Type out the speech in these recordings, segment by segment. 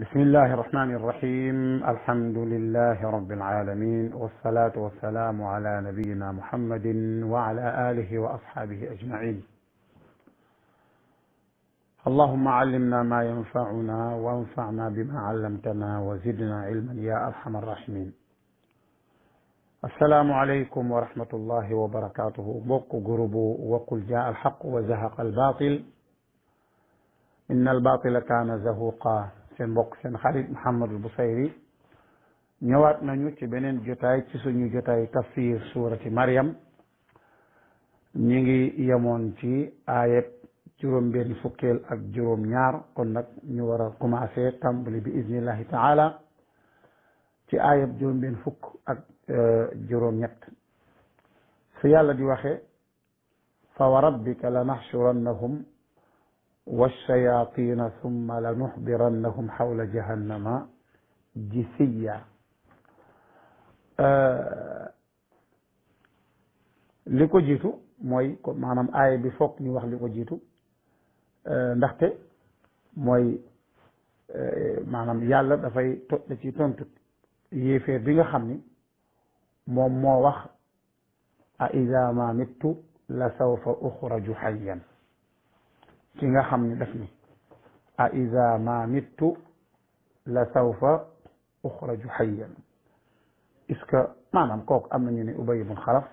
بسم الله الرحمن الرحيم الحمد لله رب العالمين والصلاة والسلام على نبينا محمد وعلى آله وأصحابه أجمعين اللهم علمنا ما ينفعنا وانفعنا بما علمتنا وزدنا علما يا أرحم الراحمين السلام عليكم ورحمة الله وبركاته بوك قربو وقل جاء الحق وزهق الباطل إن الباطل كان زهوقا mbokk seen xarit Mouhamadul Busayri ñëwaat nañu ci beneen jotaay ci suñu jotaay tafsir suurati Maryam ñi ngi yemoon ci aayeb juróom-benn fukkeel ak juróom-ñaar kon nag ñu war a commencé tàmbali bi iznillahi taala ci aayeb juróom-benn fukk ak euh, juróom-ñett su yàlla di waxe fa wa rabbika la naxshurannahum walshayatina summa la nuxdirannahum xawla jahannama jisiya li ko jiitu mooy ko maanaam bi foog ñu wax li ko jiitu euh, ndaxte mooy euh, maanaam yàlla dafay to ci tontu yéeféer bi nga xam ni moom moo wax a ida ma mittu la sawfa uxraju xayyan ki nga xam ne def ni a iza ma mittu la sawfa uxraju xayyan est-ce que maanaam kooku am nañu ne ubay ibn xalaf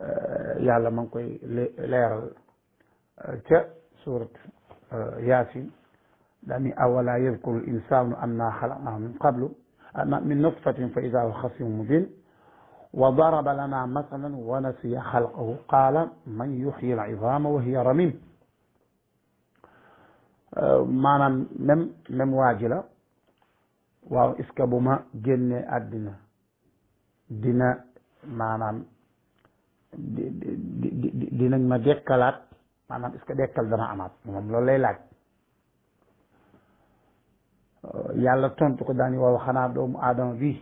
euh, yàlla ma ngi koy leeral euh, ca surat euh, yaasin dani awala yadkuru l insanu anna xalaqnahu min qablu min nutfatin fa ida huwa xasimun mubin wa daraba lana masalan wa nasiya xalqahu qaala man yuxyi l izama wa hiya ramim Euh, maanaam même même waa ji la waaw est bu ma génnee àddina dina maanaam di dinañ ma dekkalaat maanaam est que dekkal dana amaat moom loolu lay laaj euh, yàlla tontu ko daani waaw xanaa doomu aadama bi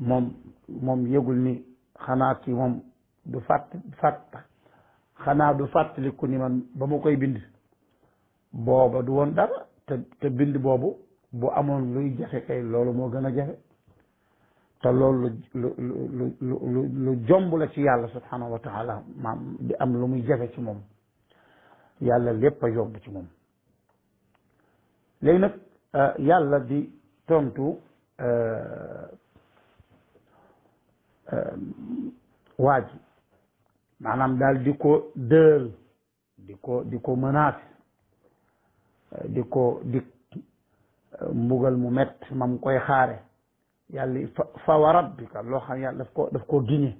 moom moom yëgul ni xanaa ci moom du fàtt fàtt xanaa du fàttaliku ni man ba ma koy bind booba du woon dara te te bind boobu bu amoon luy jafe kay loolu moo gën a jafe te loolu lu lu lu lu jomb la ci yàlla subhanahu wa maam di am lu muy jafe ci moom yàlla lépp a yomb ci moom léegi nag euh, yàlla di tontu euh, euh, waa maanaam daal di ko dël di ko di ko mënaat di ko dik mbugal mu mett mam koy xaare yàlla fa wa rabbika loo xam yàlla daf ko daf koo giñe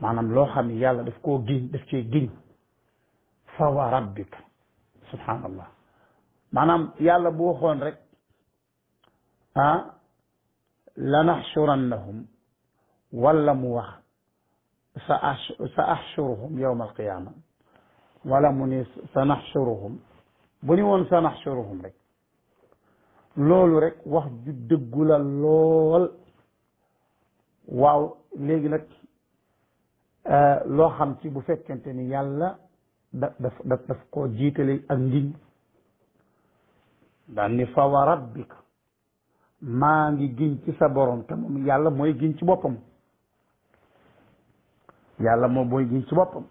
maanaam loo xam ne yàlla daf koo giñ daf cee giñ fa wa rabbika subhaanallah maanaam yàlla bu waxoon rek la ah, lanaxsurannahum wala mu wax sa sa axsuruhum yowma alqiyama wala mu ni sa naxsuruhum bu ñu woon sanaxsuruhum rek loolu rek wax ju dëggu la lool waaw léegi nag euh, loo xam ci bu fekkente ni yàlla da daf daf daf koo jiitale ak ngiñ daan ni fa wa rabbika maa ngi giñ ci sa borom te yàlla mooy giñ ci boppam yàlla moom mooy ci boppam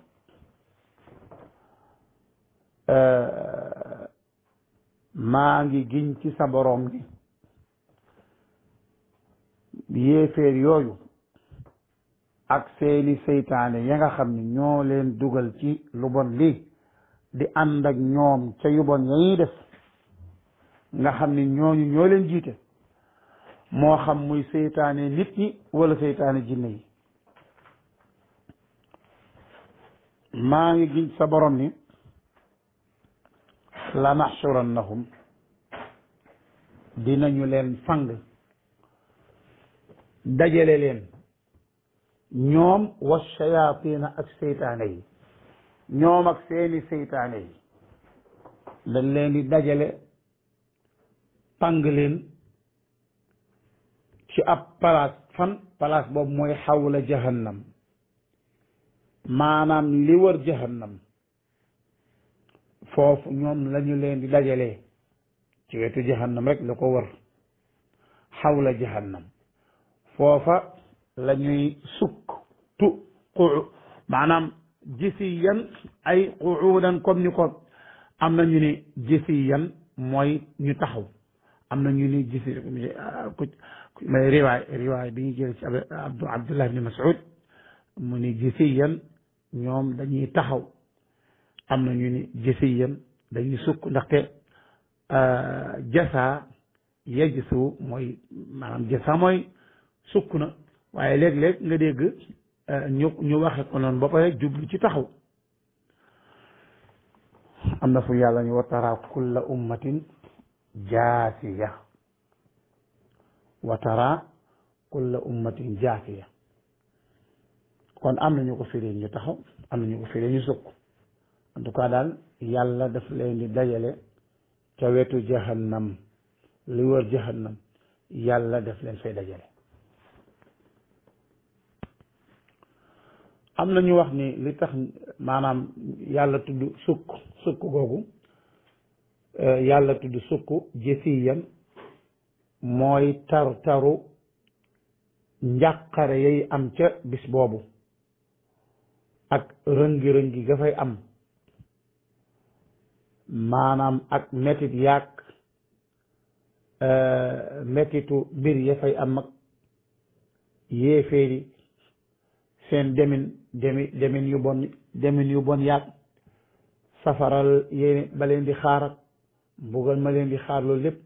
euh, maa ngi giñ ci sa boroom ni yéeféer yooyu ak seeni seytaane ya nga xam ni ñoo leen dugal ci lu bon li di ànd ak ñoom ca yu bon yañuy def nga xam ni ñooñu ñoo leen jiite moo xam muy seytaane nit ñi wala seytaane jinne yi maa ngi giñ sa boroom ni la naxsurannahum dinañu leen fang dajale leen ñoom wa shayatina ak seytaane yi ñoom ak seeni seytaane yi dañ leen di dajale pang leen ci ab palaas fan palaas boobu mooy xawla jahannam maanaam li war jahannam foofu ñoom lañu leen di dajalee ci wetu jahannam rek la ko wër xawla jahannam foofa la ñuy sukk tu quu maanaam jisiyan ay quudan comme ni ko am na ñu ne jisiyan mooy ñu taxaw am na ñu ne jisi may riwaay riwaay bi ñu jël ci abdu abdullah ibni mas'ud mu ni jisiyan ñoom dañuy taxaw am na ñu ni jësiyan dañuy sukk ndaxte euh, jasa yajsu mooy maanaam jasa mooy sukk na waaye léeg-léeg nga dégg euh, ñu ñu waxe ko noonu ba pare jublu ci taxaw am na fu yàlla ñu wa tara kulla ummatin jaasiya wa tara kulla ummatin jaasiya kon am na ñu ko firee ñu taxaw am na ñu ko firee sukk en tout daal yàlla def leen di dajale ca wetu jahannam li wër jahannam yàlla def leen fay dajale am na ñu wax ni li tax maanaam yàlla tudd sukk sukk googu eh, yàlla tudd sukk jësiyan mooy tar-taru njàqare yay am ca bis boobu ak rëngi-rëngi ga fay am maanaam ak métit yaag euh, métitu mbir ya fay am ak yéeféeri seen demin demi demin yu bon demin yu bon safaral ba leen di xaaral ak mbugal ma leen di xaar loolu lépp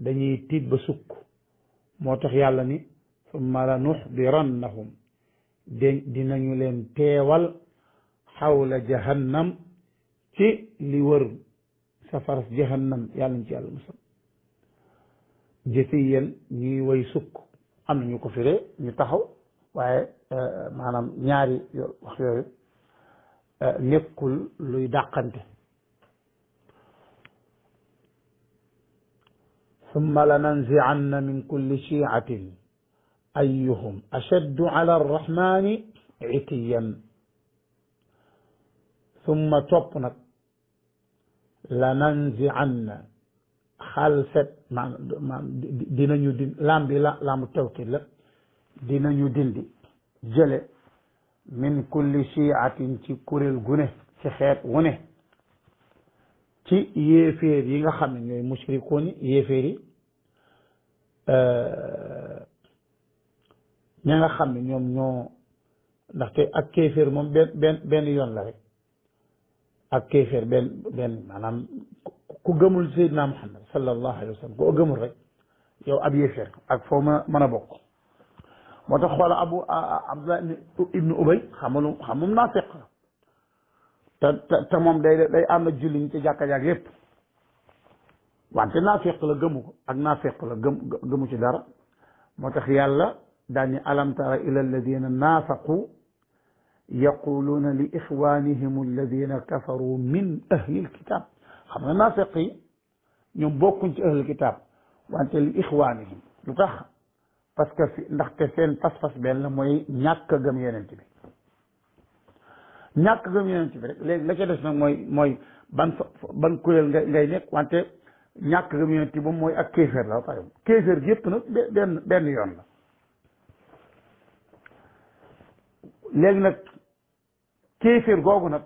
dañuy tiit ba sukk moo tax yàlla ni summa ran nuxbirannahum de dinañu leen teewal xawla jahannam ci li wër safaras jahannam yàlla nañ ci yàlla musal jësiyen ñuy woy sukk am na ñu ko firee ñu taxaw waaye euh, maanaam ñaari wax yooyu euh, nekkul luy dàqante summa lananzi'anna min kulli shi'atin ayyuhum ashaddu ala arrahmani itiyan summa topp nag lananzi'anna xalfet maanaam dinañu dindi laam bi la laamu tawkid la dinañu dindi jële min kulli shi'atin ci kuréel gu ci xeet wu ci yéeféer yi nga xam ne ñooy mushrikoon yi yéeféer yi euh, ña nga xam ne ñoom ñoo ndaxte ak kéeféer moom benn benn benn yoon la rek ak kéeféer benn maanaam ku gëmul Seydina Muhammad sallallahu alayhi wa sallam ku gëmul rek yow ab yéeféer ak foo ma mën a bokk moo tax xoola abu abdullah ibnu ubay xamalu xamum naafiq te te moom day day ànd ak julli ñi ci jàkka jàkk yépp wante naafiq la gëmu ko ak gëmu ci dara moo tax yàlla daañu alam tara ila alladina naafaqu yaquluuna li ixwanihim alladina kafaru min ahlil kitab xam nga naafiq yi ñoom bokkuñ ci ahlil kitab wante li ixwanihim lu tax parce que fi ndaxte seen pas-pas benn mooy ñàkk a gëm yenent bi ñàkk gëm yenent bi rek léegi la ca des nag mooy mooy ban ban kuréel nga ngay nekk wante ñàkk gëm yenent bi moom mooy ak kéeféer la ba pare kéeféer gi yëpp nag benn benn yoon la léegi nag kéeféer googu nag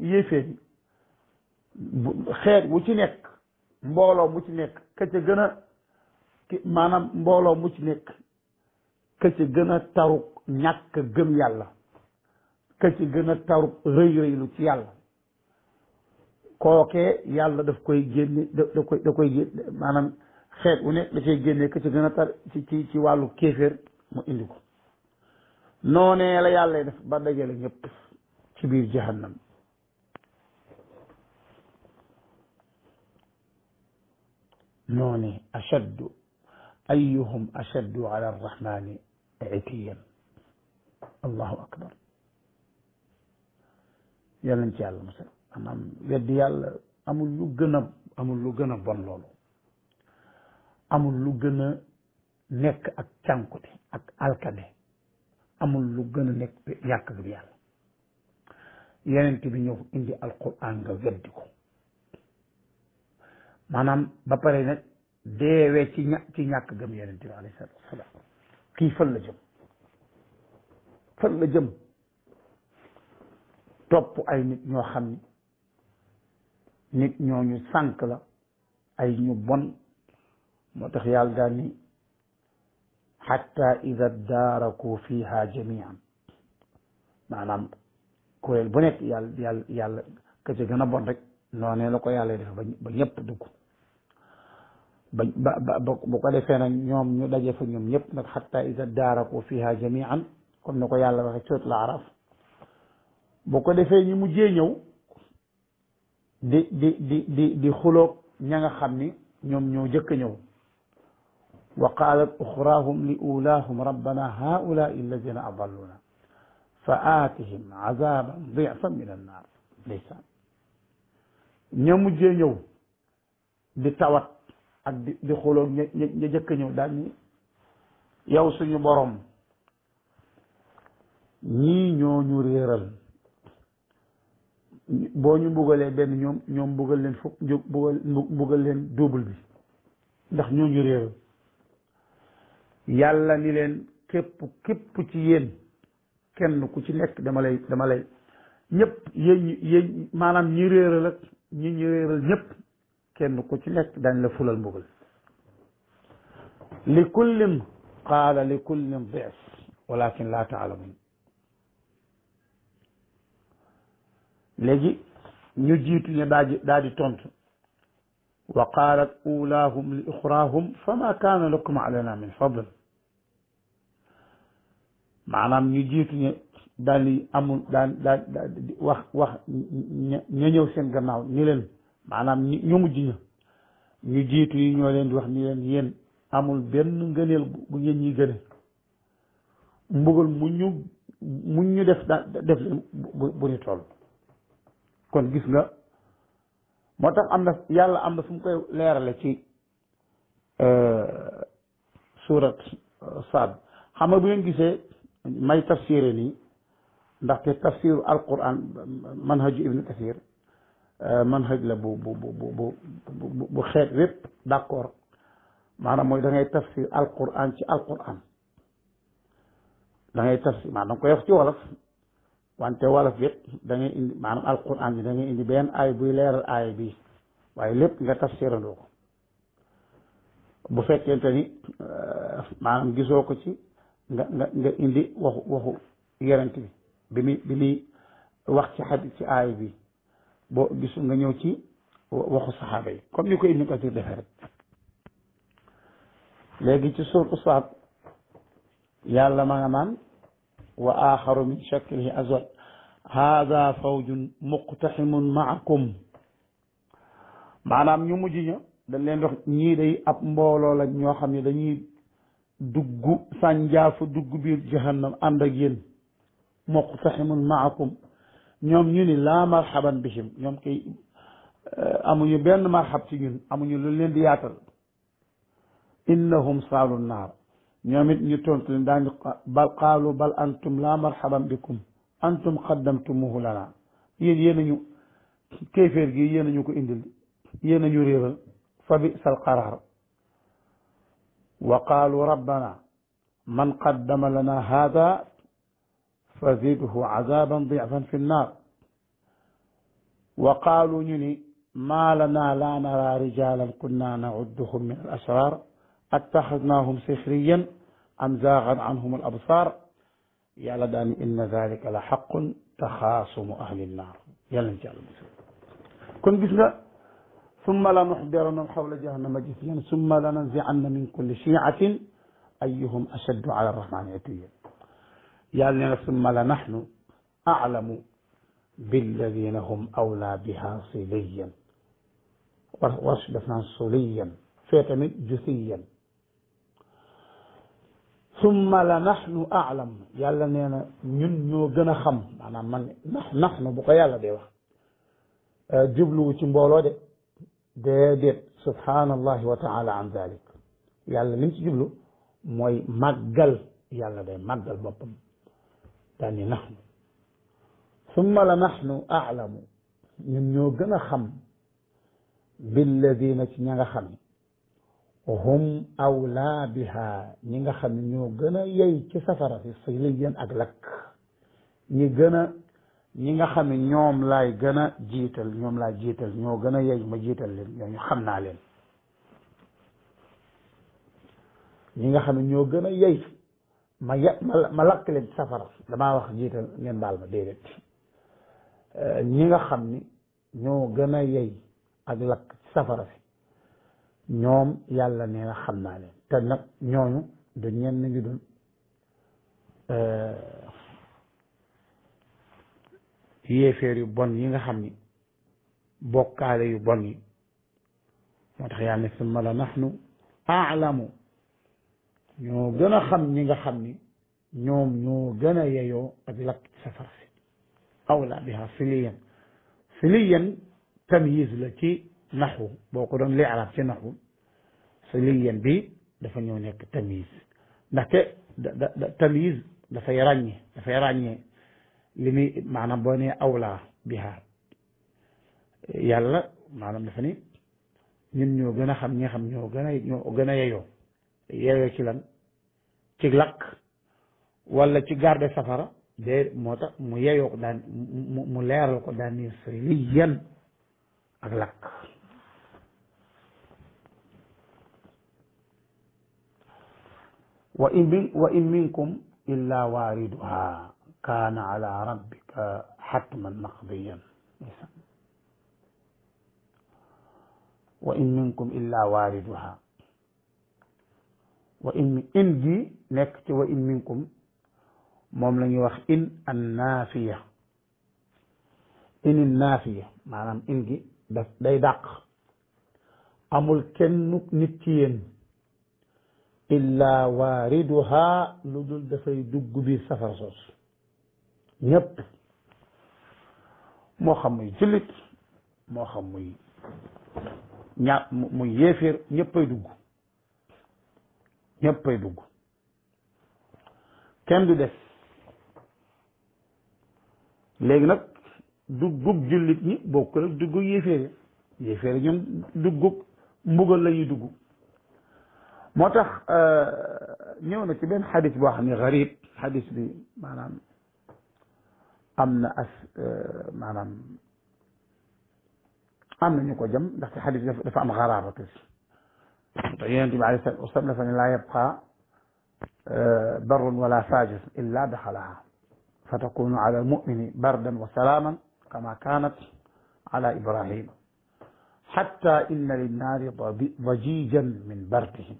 yéeféer yi xeet wu ci nekk mbooloo mu ci nekk ka gën a maanaam mbooloo mu ci nekk ka gën a taruk ñàkk gëm yàlla ka ci gën a taruk rëy rëylu ci yàlla kooke yàlla daf koy génne da koy da koy génne maanaam xeet wu nekk da génne ka gën a tar ci ci ci wàllu kéeféer mu indi ko noonee la yàlla def ba dajale ñëpp ci biir jahannam noone ashaddu ayuhum ashaddu ala arrahmani itiyan allahu akbar yàllañ ci yàlla mosal maanaam weddi yàlla amul lu gën a amul lu gën a bon loolu amul lu gën a nekk ak cànkute ak alkade amul lu gën a nekk yàq bi yàlla yenent bi ñëw indi alquran nga weddi ko maanaam ba pare nag deewee ci ña ci ñàkk gëm yenent bi la jëm fan la jëm topp ay nit ñoo xam ni nit ñu sànq la ay ñu bon moo tax yàlla daal ni xatta ida daaraku fiha jamian maanaam kuréel bu nekk yàlla yàlla yàlla ka ca gën bon rek noonee la ko yàlla def ba ñëpp dugg ba ba bu ko defee na ñoom ñu daje fa ñoom ñëpp nag xatta ida daaraku fiha jamian comme ni ko yàlla waxe sóot la araf bu ko defee ñi mujjee ñëw di di di di di xuloog ña nga xam ni ñoom ñoo jëkk ñëw wa qaalat uxraahum li ulaahum rabbana haulaa alladina adalluuna faatihim azaban di'fan min annaar ndeysaan ña mujjee ñëw di tawat ak di di xuloog ña ña jëkk ñëw daal ni yow suñu borom ñii ñoo ñu réeral boo ñu mbugalee benn ñoom mbugal leen fukk mbugal mbugal leen double bi ndax ñoo ñu réeral yàlla ni leen képp képp ci yéen kenn ku ci nekk dama lay dama lay ñëpp yéen yéen maanaam ñi réeral ak kenn ku ci nekk dañ la fulal mbugal li kullin qaala li kullin diif walakin laa taalamun léegi ñu jiitu tontu wa qaalat ulaahum li uxraahum fa ma lakum alayna min fadl maanaam ñu jiitu ñu daal di amul daan daan wax wax ña ñëw seen gannaaw ni leen maanaam ñu mujj ña ñu jiitu yi ñoo leen di wax ni leen yéen amul benn ngëneel bu ngeen ñuy gëne mbugal mu ñu mu ñu def da def leen bu bu ñu toll kon gis nga moo tax am na yàlla am na fu mu koy leerale ci euh, suurat Saad xam bu ngeen gisee may tafsiré nii ndaxte tafsiru alquran manhaju ibnu kathir euh, manhaj la bu bu bu bu bu bu xeet wépp d'accord maanaam mooy dangay ngay tafsir alquran ci alquran da ngay tafsir maanaam da nga koy wax ci wolof wante wolof yëpp da ngay indi maanaam alquran bi da ngay indi benn aay buy leeral aay bi waaye lépp nga tafsirandoo ko bu fekkente ni euh, maanaam gisoo ko ci nga nga nga indi waxu waxu yonent bi bi bi muy wax ci xadis ci aay bi boo gisul nga ñëw ci waxu saxaaba yi comme ni ko Ibnu Kasiir defee rek léegi ci suuratu Saad yàlla ma naan wa aaxaru min shaklihi azwaj haada fawjun muqtaximun maakum maanaam ñu mujj ña dañ leen dox ñii ab mbooloo lañ ñoo xam ne dañuy dugg sànjaafu dugg biir jahannam ànd ak yéen muqtaximun maakum ñoom ñu laa marhaban bihim ñoom kay eh, amuñu benn marxab ci ñun amuñu lu leen di yaatal innahum saalu naar ñoom it ñu tontu leen daañu bal qaalu bal antum laa marhaban bikum antum qaddamtumuhu lana yéen yéen añu kéeféer gi yéen añu ko indil yéen añu réeral fa bisa alqaraar wa qaalu rabbana man qaddama lana hada fa zidhu azaban dicfan fi nnaar wa qaalu ñu ni maa lana laa nara rijalan kunna nacudduhum min al ashrar attaxadnahum sixriyan am zaagat anhum al absar yàlla daani inna dalika la xaqun taxaasumu ahli nnaar yàlla nañ ci yàlla musal kon gis nga summa la nuxbiranna xawla jahannama jisiyan summa la nanzianna min kulli shiatin ayuhum ashaddu ala arrahmani atiyan yàlla nee na summa la naxnu aclamu billadina hum awlaa biha siliyan war warsh def naan suliyan fee tamit jusiyan summa la naxnu aclam yàlla nee na ñun ñoo gën a xam maanaam man nax naxnu bu ko yàlla dee wax jubluwu ci mbooloo de déedéet subhaanallahi wa taala an dalik yàlla lim ci jublu mooy màggal yàlla day màggal boppam daani nahnu summa la nahnu aalamu ñun ñoo gën a xam billadina ci ña nga xam ne hum awlaa biha ñi nga xam ne ñoo gën a yey ci safara si si liggéen ak lakk ñi gën a ñi nga xam ne ñoom laay gën a jiital ñoom laay jiital ñoo gën a yeey ma jiital leen ñoo ñu xam naa leen ñi nga xam ne ñoo gën a yeey ma ya damaa wax jiital ngeen baal ma déedéet euh, ñi nga xam ni ñoo gën a yey ak lakk safara fi ñoom yàlla nee xam naa leen te nag ñooñu du ñenn ñu dul euh, ci yéeféer yu bon yi nga xam ni bokkaale yu bon yi moo tax yàlla ne summa la nahnu aalamu ñoo gën a xam ñi nga xam ni ñoom ñoo gën a yeyoo ak lakk safara si awla biha siliyan siliyan tamyiz la ci naxu boo ko doon li ci naxu siliyan bi dafa ñëw nekk tamyiz ndaxte da da tamyiz dafay ràññee dafay ràññee li muy maanaam boo nee awlaa biha yàlla maanam dafa ni ñun ñoo gën a xam ñi xam ñoo gën a ñoo gën a yeyoo yeyoo ci lan ci lakk wala ci garde safara de moo tax mu yeyoo ko daan mu leeral ko daan ni siliyan ak lakk wa in wa in minkum illa waariduha kaana ala rabbika xatman maqdiyan wa in minkum illa waariduha wa in in ji nekk ci wa in minkum moom la ñuy wax in an naafiya in in naafiya maanaam in gi daf day dàq amul kenn nit ci yéen illa waariduha lu dul dafay dugg biir safara soos ñépp moo xam muy jullit moo xam muy ña muy yéeféer ñéppay dugg ñéppay dugg kenn du des léegi nag duggub jullit ñi bokkul ak duggub yéeféer yi yéeféer ñoom duggub mbugal lañuy ñuy moo tax euh, ñëw na ci benn xadis boo xam ne garib xadis bi maanaam am na as euh, maanaam am na ñu ko jëm ndaxte xadis dafa am xaraaba tuuti te yonent bi alayhi salaatu wa salaam dafa ne laa yabqa euh, barrun wala fajir illa daxalaha fa takunu ala almumini bardan wa salaaman kama kaanat ala ibrahima xatta inna linnaari dajijan min bardihim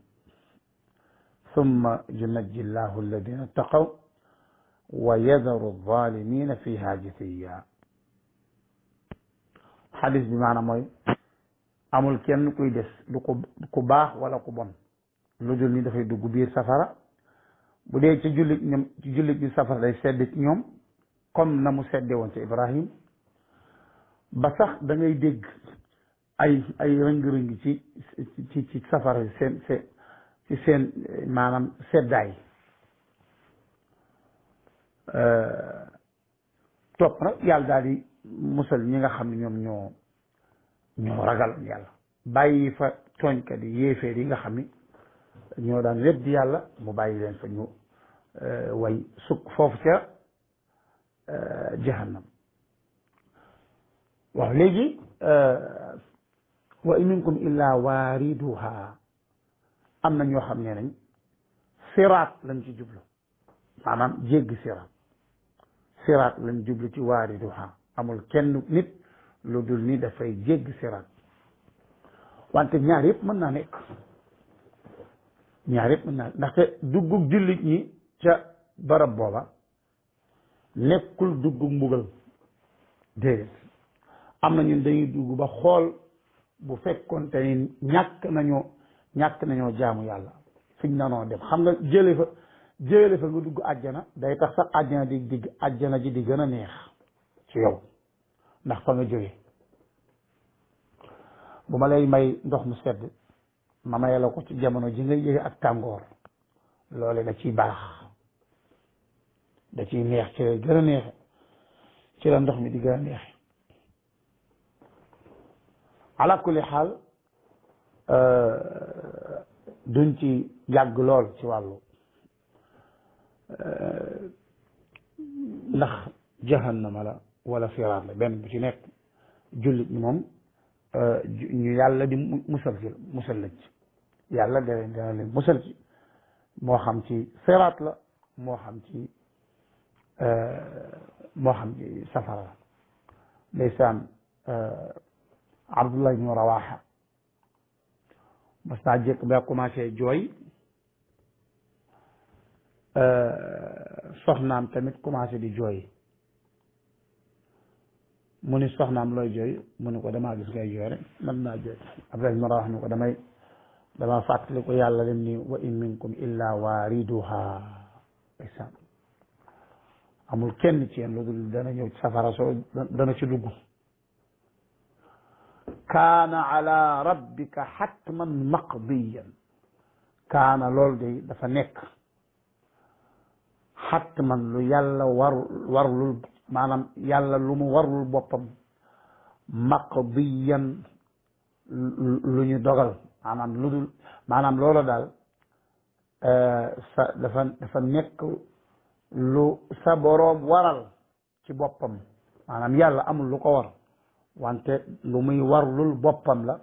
summa yunajji llahu alladina ittaqaw ويذر الظالمين fiha jithiya xadis bi maanaam mooy amul kenn kuy des du ku ku baax wala ku bon lu dul ni dafay dugg biir safara bu dee ci jullit ñoom ci jullit bi safara day sedd ci ñoom comme na mu sedde woon ci Ibrahim ba sax da dégg ay ay rëng-rëng ci ci ci safara seen seen ci seen maanaam seddaay Euh, topp nag yàlla daal di musal ñi nga xam ne ñoom ñoo ñoo ragaloon yàlla bàyyi fa tooñkat yi yéeféer yi nga xam ni ñoo daan weddi yàlla mu bàyyi leen fa ñu euh, way sukk foofu ca euh, jahannam waaw léegi wa in minkum illa waariduha am na ñoo xam ne nañ siraat lañ ci jublu maanaam jéggi siraat siraat lañ jublu ci waariduha amul kenn nit lu dul ni dafay jégg siraat wante ñaar yëpp mën naa nekk ñaar yëpp mën naa ndaxte duggug jullit ñi ca barab booba nekkul duggug mbugal déedéet am na ñun dañuy dugg ba xool bu fekkoon te ni ñàkk nañoo ñàkk nañoo jaamu yàlla fiñ nanoo dem xam nga jële fa jële fa nga dugg àjjana day tax sax àjjana di di àjjana ji di gën a neex ci yow ndax fa nga jóge bu ma lay may ndox mu sedd ma maye la ko ci jamono ji nga yëge ak tàngoor loole da ciy baax da ciy neex ci lay gën a neexe ci la ndox mi di gën a neexe ala kulli xaal euh, duñ ci yàgg lool ci wàllu Euh, ndax jahannama la wala siraat la benn bu ci nekk jullit ñi moom euh, ñu yàlla di musal ci musal la ci yàlla dana dana leen musal ci moo xam ci siraat la moo xam ci euh, moo xam ci safara la ndeysaan Abdullah ibnu Rawaha mas naa jékk ba commencé jooy Euh, soxnaam tamit commencé di jooy mu ni soxnaam looy jooy mu ni ko damaa gis ngay jooy rek man naa jooy après ma wax ni ko damay dama fàttali ko yàlla lim ni wa in minkum illa waariduha isam amul kenn ci yéen lu dul dana ñëw safara soo dana ci dugg kaana ala rabbika xatman maqdiyan kaana loolu de dafa nekk xatman lu yàlla waru warlul maanaam yàlla lu mu warlul boppam maqdiyan lu ñu dogal maanaam lu dul maanaam loola daal euh, sa dafa dafa nekk lu sa boroom waral ci boppam maanaam yàlla amul lu ko war wante lu muy warlul boppam la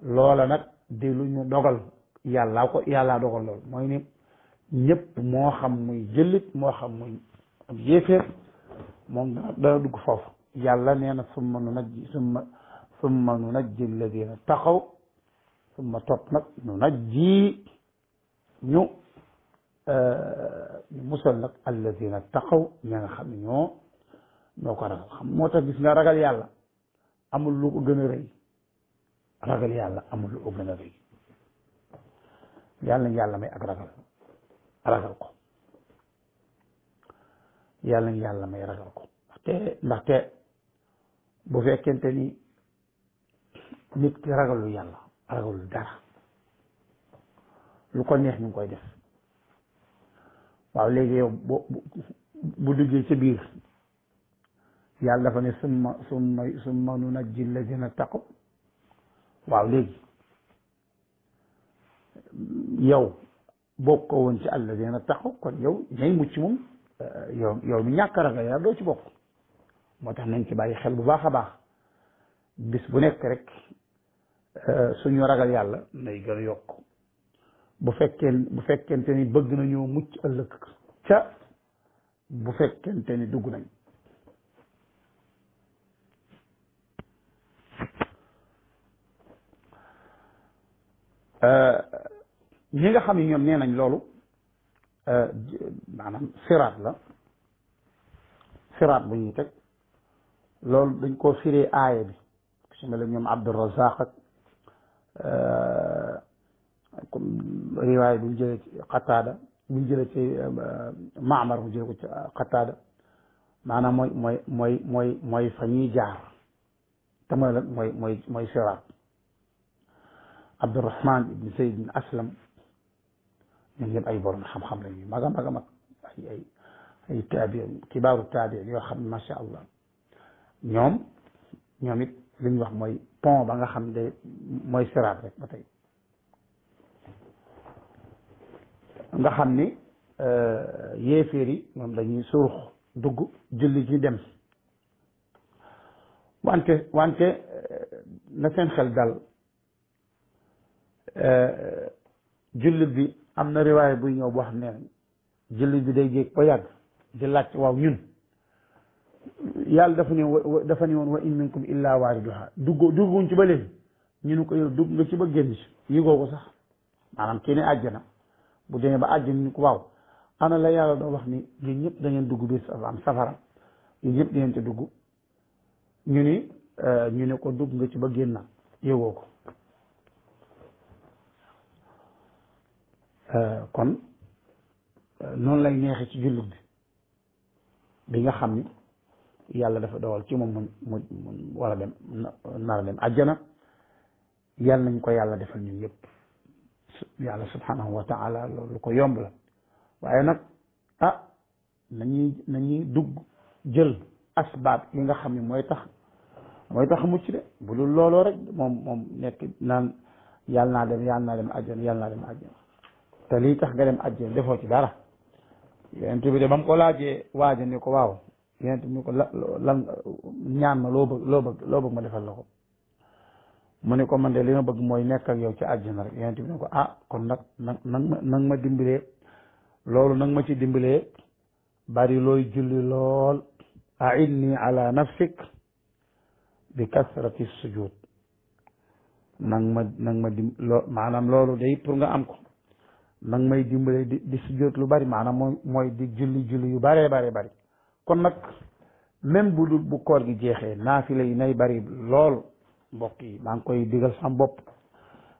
loola nag di lu ñu dogal yàllaa ko yàllaa dogal lool mooy ni ñëpp moo xam muy jëlit moo xam muy ab yéeféer moom dana dugg foofu yàlla nee na summa nu najji summa summa nu najji alladina taxaw summa topp nag nu najji ñu euh, nag taxaw ña nga xam ñoo ñoo ko ragal xam moo tax gis nga ragal yàlla amul lu ko gën a rëy ragal yàlla amul lu ko gën a rëy yàlla yàlla may ak ragal ragal ko yàlla na yàlla may ragal ko ndaxte ndaxte bu fekkente ni nit ki ragalu yàlla ragalu dara lu ko neex ñu koy def waaw léegi yow bu bu duggee ca biir yàlla dafa ne summa summa summa nunajji lazina taqu waaw léegi yow bokk ko woon ci alladina taqu kon yow ñay mucc moom euh, yow yow mi ñàkk a ragal yàlla doo ci bokk moo tax nañ ci bàyyi xel bu baax a baax bis bu nekk rek euh, suñu ragal yàlla nay gën a yokk bu fekkeen bu fekkente ni bëgg nañoo mucc ëllëg ca bu fekkente ni dugg nañ euh, ñi nga xam ne ñoom nee nañ loolu euh, maanaam siraat la siraat bu ñuy teg loolu dañ koo firee aaya bi su mel ñoom Abdurazaq ak euh, comme riwaay bi mu jëlee ci Qatada bi mu jëlee ci euh, Maamar mu jëlee ko ci Qatada maanaam mooy mooy mooy mooy mooy fa ñuy jaar te mooy mooy mooy mooy siraat Abdurahman ibn Zayd ibn Aslam ñoom ñëpp ay borom xam-xam la ñuy mag a mag a mag ay ay ay kibaaru taabi yoo xam ne macha allah ñoom ñoomit it wax mooy pont ba nga xam mooy seraat rek ba tey nga xam ni euh, yéeféer yi moom dañuy surux dugg julli ci dem wante wante euh, na seen xel dal euh, jullit bi am na riwaay buy ñëw boo xam ne jullit bi day jéeg ba yàgg di laajte waaw ñun yàlla dafa ne dafa wa in minkum illaa waariduha dugg dugguñ ci ba ñu ne ko yow ci ba génn ci yëgoo ko sax maanaam kii ne àjjana bu demee ba àjjana ñu ko waaw ana la yàlla doo wax ni yéen ñëpp da ngeen dugg biir am safara yéen ñëpp da ci dugg ñu ni euh, ñu ne ko dugg nga ci ba génn yëgoo ko Euh, kon euh, noonu lay neexee ci jullit bi bi nga xam ni yàlla dafa dogal ci moom mu mu war a dem nar a dem àjjana yàlla nañ ko yàlla defal ñun yëpp yàlla subhanahu wa loolu ko yomb la waaye nag ah nañuy nañuy dugg jël asbaab yi nga xam ne mooy tax mooy tax mucc de bu dul looloo rek moom moom nekk naan yàlla naa dem yàlla naa dem àjjana yàlla naa dem àjjana te lii tax nga dem àjjana defoo ci dara yonent bi de ba mu ko ko waaw yonent ko la ñaan ma loo bëgg loo bëgg ma defal la ko mu ne ko man de li ma bëgg mooy nekk ak yow ci àjjana rek yonent bi ne ko ah kon nag nag nag nag ma dimbalee loolu nag ma ci dimbalee bari looy julli lool ainni ala nafsik bi kasrati sujud nag ma nag ma dim loo maanaam loolu day pour nga am ko nag may dimbale di di sujjóot lu bari maanaam mooy mooy di julli julli yu baree baree bari kon nag même bu dul bu koor gi jeexee naafile yi nay bari lool mbokk yi maa ngi koy digal sam bopp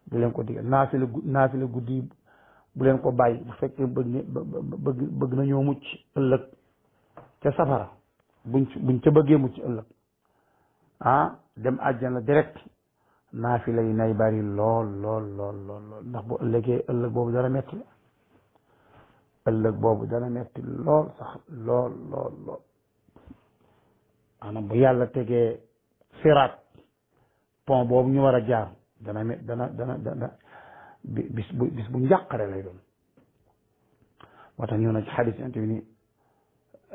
du leen ko digal naafile naafile guddi bu leen ko bàyyi bu fekkee bëgg bëgg bëgg mucc ëllëg ca safara buñ buñ ca bëggee mucc ëllëg ah dem àjjana direct naafila lay nay bari lool lool lool lool ndax bu ëllëgee ëllëg boobu dana metti ëllëg boobu dana metti lool sax lool lool lool maanaam bu yàlla tegee siraat pont boobu ñu war a jaar dana met dana dana dana bis bu bis lay doon moo tax na xadis ante bi ni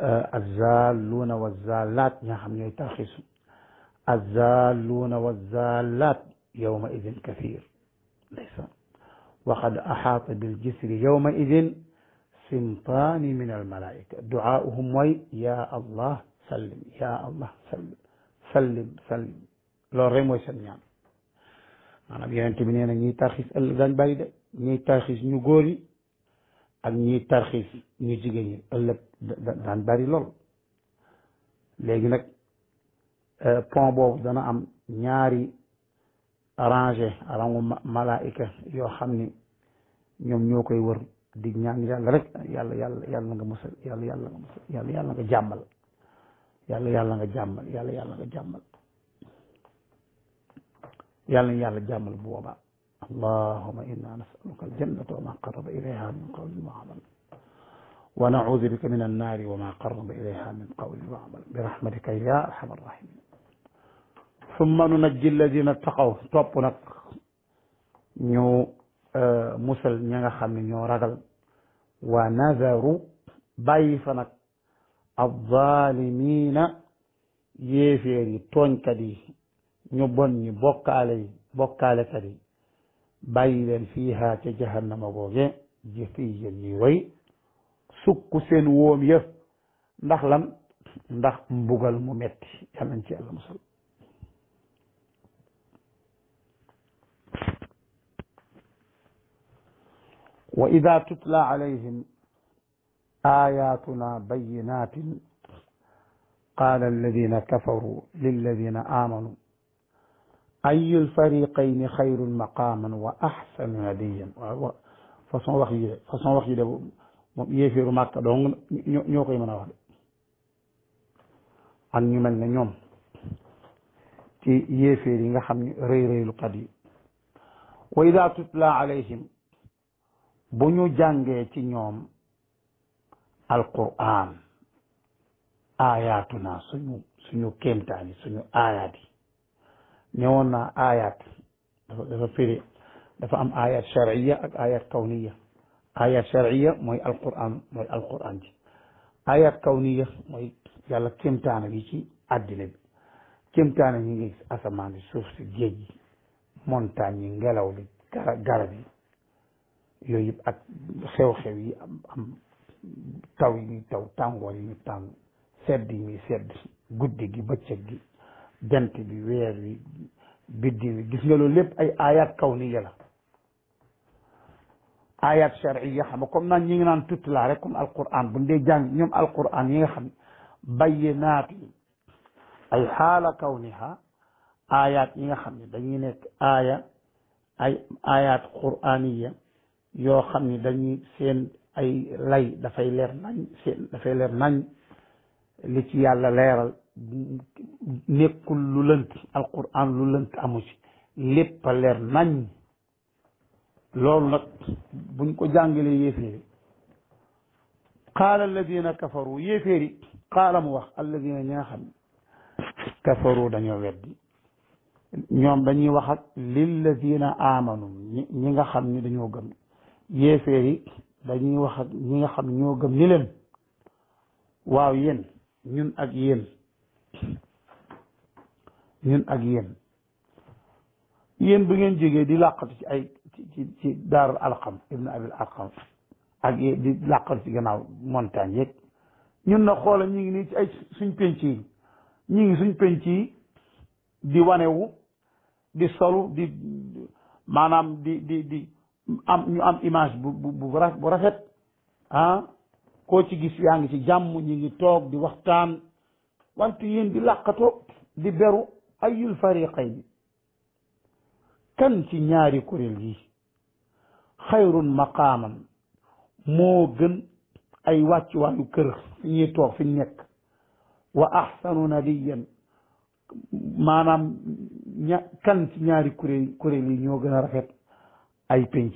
euh, azaaluuna wa zaalaat ñi nga xam ñooy tarxisu azaaluuna wa zaalaat yowma idin kathir ndeysaan waqad axaata bil jisri yowma idin simtaani min al malaika duaauhum mooy yaa allah sallim yaa allah sallim sallim sallim loolu rek mooy seen ñaan maanaam yonent bi nee na ñiy tarxiis ëllëg daañ bàyyi de ñiy tarxiis ñu góor yi ak ñiy tarxiis ñu jigéen ñi ëllëg daan bari lool léegi nag euh, pont boobu dana am ñaari rangé rangu malaayika yoo xam ni ñoom ñoo koy wër di ñaan yàlla rek yàlla yàlla yàlla nga musal yàlla yàlla nga musal yàlla yàlla nga jàmmal yàlla yàlla nga jàmmal yàlla yàlla nga jàmmal yàlla yàlla jàmmal bu boobaa allahuma inna nasaluka aljannata wa ma qaraba ilayha min qawlin wa amal wa naudu bika min annaari wa ma qaraba ilayha min qawlin wa amal bi rahmatika ya arhamar rahimin summa nunajji alladina taqaw topp nag ñu musal ña nga xam ni ñoo ragal wa nazaru bàyyi fa nag alzaalimina yéeféer yi tooñkat yi ñu bon ñi bokkaale yi bokkaalekat yi bàyyi leen fiiha ca jahannama googe jëfiyan ñuy way sukku seen wóom yëf ndax lan ndax mbugal mu metti yal nañ musal wa ida tutla alayhim ayatuna bayinatin qaala alladina kafaru lilladina amanu ayu lfariqayni xayrun maqaaman wa axsanu nadiyan waaw façon wax yi de façon wax yi de moom yéeféeru màkka dong ñoo koy mën a wax de an ñu mel ne ñoom ci yéeféer yi nga xam ne rëy rëylu kat yi wa ida tutla alayhim bu ñu jàngee ci ñoom alquran aayaatuna suñu suñu kéemtaani suñu aayaat yi ñëwoon naa aayaat dafa dafa firi dafa am ayat sharciya ak ayat kawniya ayat sharciya mooy alquran mooy alquran ji ayat kawniya mooy yàlla kéemtaanam yi ci àddina bi kéemtaanam yi ngi asamaan si suuf si géej gi montagne yi ngelaw li garab yi yooyu yëpp ak xew-xew yi am am yi taw tàngoor yi ñuy tàng sedd yi sedd guddi gi bëccëg gi jant bi weer wi biddi wi gis nga loolu lépp ay ayat kawniya la ayat shar'iyya xam nga comme naan ñi ngi naan tutla rek comme alquran bu dee jàng ñoom alquran yi nga xam bayyinaat yi ay xaala kawniha ayat yi nga xam ne dañuy nekk aaya ay ayat quraniya yoo xam ni dañuy seen ay lay dafay leer nañ seen leer nañ li ci yàlla leeral nekkul lu lënt alquran lu lënt amu ci lépp leer nañ loolu nag buñ ko jàngalee yéeféeri qaala alladina kafaru yéeféeri qaala wax alladina ñi nga xam kafaru dañoo weddi ñoom dañuy wax ak lilladina amanu ñi nga xam ni dañoo gëm yéeféer yi dañuy wax ak ñi nga xam ñoo gëm ni waaw yéen ñun ak yéen ñun ak yéen yéen bu ngeen jógee di làqatu ci ay ci ci daarul alxam ibnu abil alxam ak di làqatu ci gannaaw montagne yeeg ñun na xoola ñu ngi nii ci suñ penc yi ñu ngi suñ penc di wanewu di solu di maanaam di di di am ñu am image bu bu bu rafet ah koo ci gis yaa ngi ci jàmm ñu ngi toog di waxtaan wante yéen di làqato di beru ayul fariqay bi kan ci ñaari kuréel yi xayrun maqaaman moo gën ay wàccuwaayu kër fi toog fi nekk wa axsanu nadiyan maanaam ña kan ci ñaari kuréel kuréel yi ñoo gën a rafet ay pénc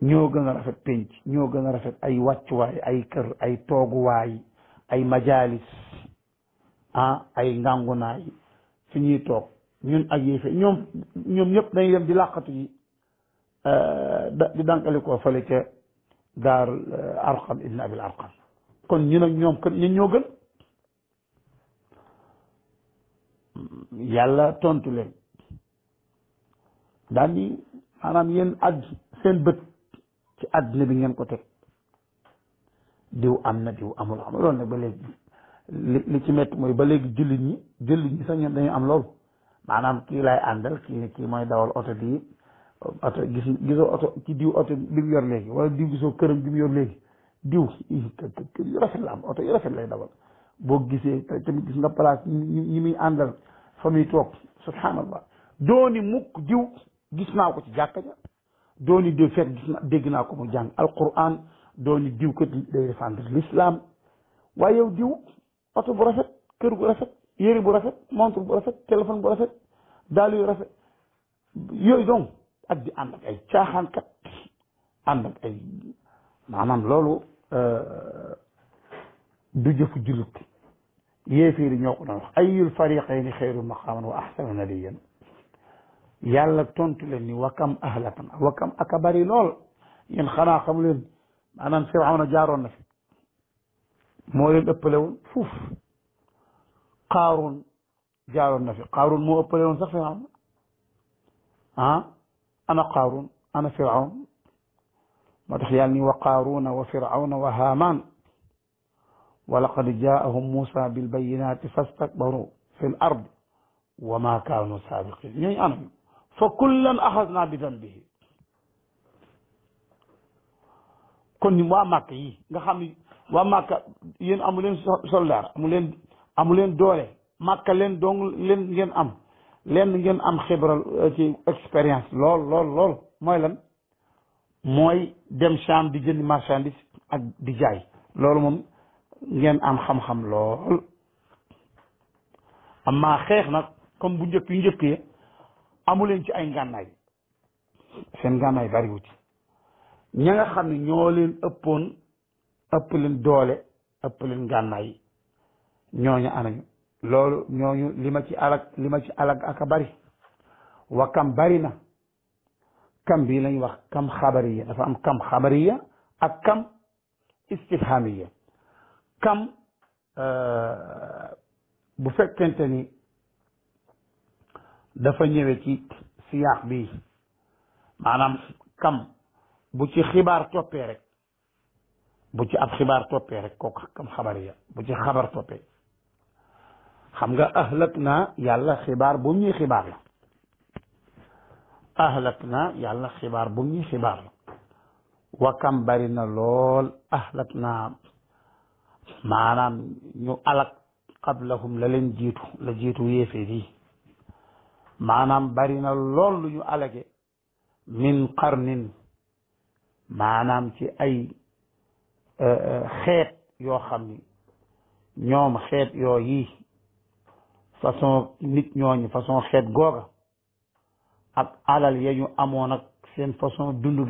ñoo gën a rafet pénc ñoo gën a rafet ay wàccuwaay ay kër ay tooguwaay ay majalis ah ay ngàngunaay fi ñuy toog ñun ak yéefe ñoom ñoom ñëpp dañuy dem di làqatu ji euh, di dànkalikoo fële ca daar euh, arqam ibn abil arqam kon ñun ak ñoom kër ñun ñoo gën yàlla tontu leen daal di maanaam yéen ad seen bët ci àddina bi ngeen ko teg diw am na diw amul xam loolu nag ba léegi li li ci métti mooy ba léegi jullit ñi jullit ñi sax ñoom dañu am loolu maanaam kii laay àndal kii kii mooy dawal oto bi oto gis gisoo oto ci diw oto bi mu yor léegi wala diw gisoo këram bi mu yor léegi diw kër yu rafet la am oto yu rafet lay dawal boo gisee tamit gis nga place ñi muy àndal fa muy toog subhaanallah dooni mukk diw gis naa ko ci jàkka ja dooni diw fekk gis na dégg naa ko mu jàng alquran dooni diw kat day défendre l'islam waaye yow diw oto bu rafet kër gu rafet yére bu rafet montre bu rafet téléphone bu rafet daal yu rafet yooyu donc ak di ànd ak ay caaxaankat ànd ak ay maanaam loolu euh, du jëfu jullit yéeféeri ñoo ko doon wax ayul fariqayni xayru wa axsanu nadiyan yàlla tontu leen ni wakam ahlakna wakam aka bari lool yéen xanaa xamu leen maanaam Firawna jaaroon na fi moo leen ëppale woon fuuf Qaaruun jaaroon na fi Qaaruun moo ëppale woon sax Firawna ah ana Qaaruun ana Firawna moo tax yàlla ni wa Qaaruuna wa Firawna wa Haamaan wa laqad jaa'ahum Muusaa bil bayyinaati fastakbaru fil ardi wa maa kaanu saabiqiin ñooñu anam fa kullan axasna bi dambihi kon ni waa màkk yi nga xam ni waa màkk yéen amu leen soldaar amu leen amu leen doole makk leen dong leen ngeen am leen ngeen am xibral euh, ci expérience lool lool lool mooy lan mooy dem Sham di jënd marchandise ak di jaay loolu moom ngeen am xam-xam lool amaa xeex nag comme bu njëkk yu njëkk yi amuleen ci ay ngànnaay seen ngànnaay bariwuti ña nga xam ne ñoo leen ëppoon ëpp doole ëpp leen ngànnaay ñooñu anañu loolu ñooñu li ci alag li ma ci alag aka bari wa kam bari na kam bii lañ wax kam xabariya dafa am kam xabariya ak kam istifhamiya kam euh, bu fekkente ni dafa ñëwee ci siyaax bi maanaam kam bu ci xibaar toppee rek bu ci ab xibaar toppee rek kooku kam xabar ya bu ci xabar toppee xam nga ahlak naa yàlla xibaar bu ñuy xibaar la yàlla xibaar bu ñuy xibaar la wa kam bari na lool ahlak naa maanaam ñu alak qablahum la leen jiitu la jiitu yéefee yi maanaam bari na lool lu ñu alage min qarnin maanaam ci ay euh, euh, xeet yoo xam ni ñoom xeet yoo yi façon nit ñooñu façon xeet googa ak alal ya ñu amoon nag seen façon dund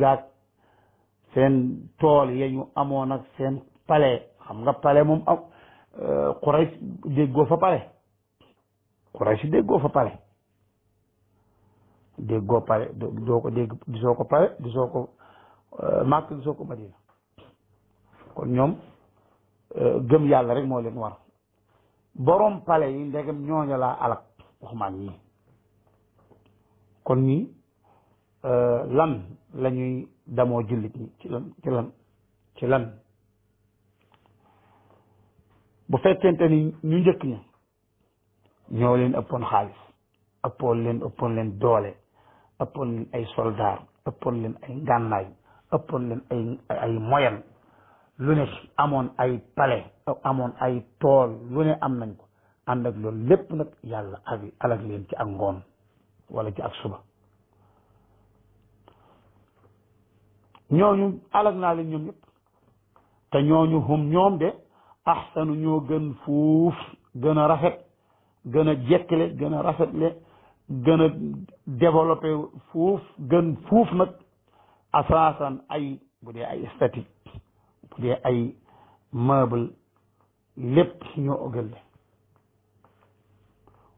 seen tool ya ñu amoon nag seen pale xam nga pale moom am euh, Quraysh déggoo fa palais Quraysh déggoo fa palais déggoo pare doo ko dégg gisoo ko pare gisoo ko euh, màkk gisoo ko madina kon ñoom euh, gëm yàlla rek moo leen war borom pale yi ndegam ñooñu laa alak waxumaan ñii kon ñi euh, lan lañuy ñuy damoo jullit ñi ci lan ci lan bu fekkente ni ñu njëkk ña ñoo leen ëppoon xaalis ëppoon leen ëppoon leen doole ëppoon leen ay soldaar ëppoon leen ay ngànnaay ëppoon leen ay ay moyen lu ne amoon ay palais amoon ay tool lu ne am nañ ko ànd ak loolu lépp nag yàlla ak alak leen ci ak ngoon wala ci ak suba ñooñu alak naa leen ñoom yëpp te ñooñu hum ñoom de axsanu ñoo gën fuuf gën a rafet gën a jekkle gën a rafetle gën a développé fuuf gën fuuf nag asaasan ay bu dee ay statique bu dee ay meuble lépp ñoo gëlle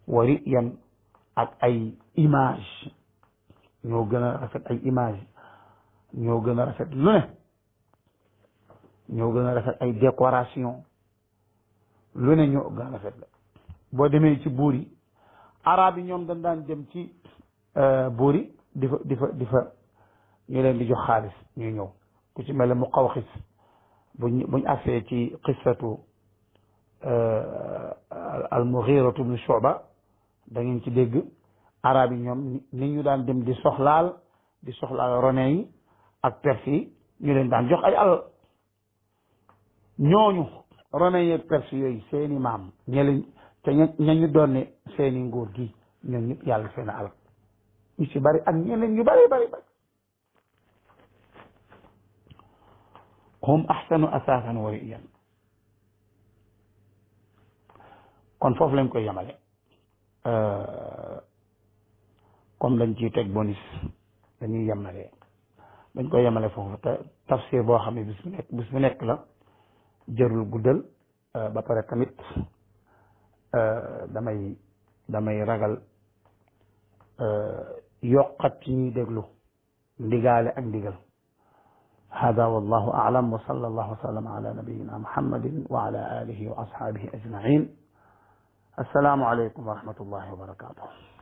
wari yan ak ay image ñoo gën a rafet ay image ñoo gën a rafet lu ne ñoo gën a rafet ay décoration lu ne ñoo gën a rafet la boo demee ci buur yi arab yi ñoom dañ daan jëm ci euh, buur yi di fa di fa ñu leen di jox xaalis ñu ñëw ku ci mel ne mu xaw xis buñ buñ afee ci qissatu euh, al mughiratu bnu shuba ci dégg arab yi ñoom ni ñu daan dem di soxlaal di soxlaal romain yi ak perse yi ñu leen daan jox ay alal ñooñu romain ak perse yooyu seeni maam ñeleen te ña ñu doon ne seeni nguur gi ñoom ñëpp yàlla seen alal ñu si bari ak ñeneen ñu bari bari bari hum ahsanu asaasan wa riyan kon foofu lañ koy yemale euh, comme dañ ciy teg bonus dañuy yemale dañ koy yemale foofu te tafsir boo xam bis bu nekk bis bu nekk la jërul guddal euh, ba pare tamit Euh, damay damay ragal euh, yokkat ci ñuy déglu ndigaale ak ndigal hada wallahu aalam wa sallallahu wa sallam ala nabiyina muhammadin wa ala alihi wa ashabihi ajmain assalaamu aleykum wa rahmatullahi wa barakatuh